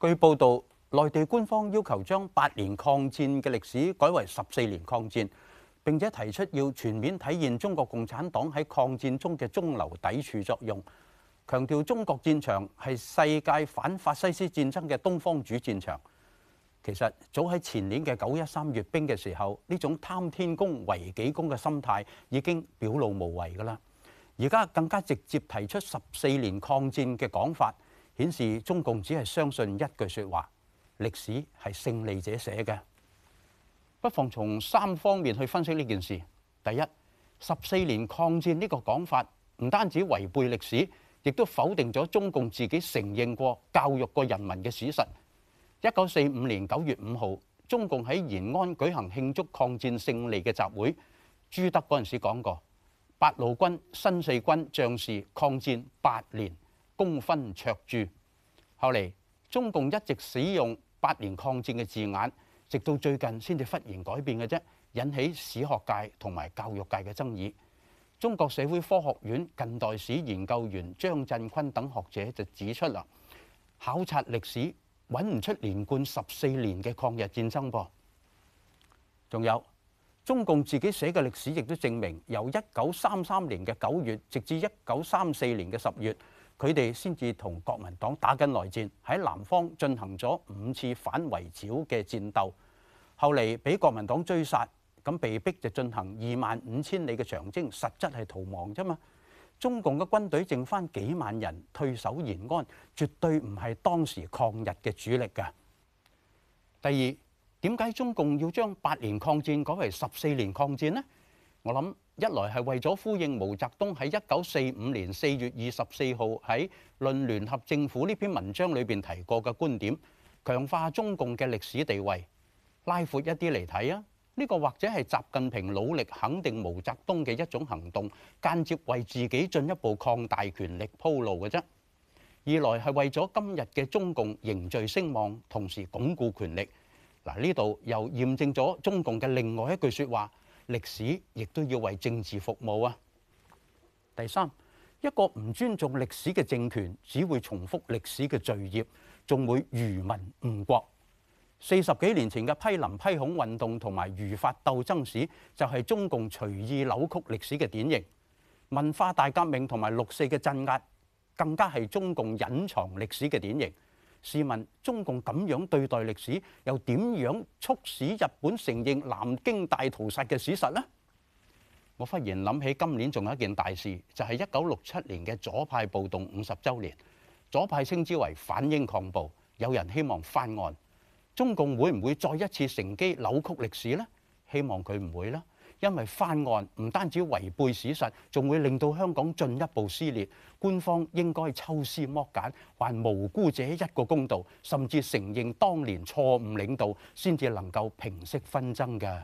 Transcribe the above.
據報道，內地官方要求將八年抗戰嘅歷史改為十四年抗戰，並且提出要全面體現中國共產黨喺抗戰中嘅中流砥柱作用，強調中國戰場係世界反法西斯戰爭嘅東方主戰場。其實早喺前年嘅九一三閱兵嘅時候，呢種貪天功為己功嘅心態已經表露無遺噶啦。而家更加直接提出十四年抗戰嘅講法。顯示中共只係相信一句説話，歷史係勝利者寫嘅。不妨從三方面去分析呢件事。第一，十四年抗戰呢個講法唔單止違背歷史，亦都否定咗中共自己承認過、教育過人民嘅史實。一九四五年九月五號，中共喺延安舉行慶祝抗戰勝利嘅集會，朱德嗰陣時講過：八路軍新四軍將士抗戰八年。公分卓著，後嚟中共一直使用八年抗戰嘅字眼，直到最近先至忽然改變嘅啫，引起史學界同埋教育界嘅爭議。中國社會科學院近代史研究員張振坤等學者就指出啦，考察歷史揾唔出連貫十四年嘅抗日戰爭噃。仲有中共自己寫嘅歷史亦都證明，由一九三三年嘅九月直至一九三四年嘅十月。佢哋先至同國民黨打緊內戰，喺南方進行咗五次反圍剿嘅戰鬥，後嚟俾國民黨追殺，咁被逼就進行二萬五千里嘅長征，實質係逃亡啫嘛。中共嘅軍隊剩返幾萬人，退守延安，絕對唔係當時抗日嘅主力㗎。第二，點解中共要將八年抗戰改為十四年抗戰呢？我諗一來係為咗呼應毛澤東喺一九四五年四月二十四號喺《論聯合政府》呢篇文章裏邊提過嘅觀點，強化中共嘅歷史地位，拉闊一啲嚟睇啊！呢個或者係習近平努力肯定毛澤東嘅一種行動，間接為自己進一步擴大權力鋪路嘅啫。二來係為咗今日嘅中共凝聚聲望，同時鞏固權力。嗱，呢度又驗證咗中共嘅另外一句説話。歷史亦都要為政治服務啊！第三，一個唔尊重歷史嘅政權，只會重複歷史嘅罪孽，仲會愚民誤國。四十幾年前嘅批林批孔運動同埋儒法鬥爭史，就係、是、中共隨意扭曲歷史嘅典型。文化大革命同埋六四嘅鎮壓，更加係中共隱藏歷史嘅典型。試問，中共咁樣對待歷史，又點樣促使日本承認南京大屠殺嘅史實呢？我忽然諗起今年仲有一件大事，就係一九六七年嘅左派暴動五十週年。左派稱之為反英抗暴，有人希望翻案，中共會唔會再一次乘機扭曲歷史呢？希望佢唔會啦。因為翻案唔單止違背史實，仲會令到香港進一步撕裂。官方應該抽絲剝繭，還無辜者一個公道，甚至承認當年錯誤領導，先至能夠平息紛爭嘅。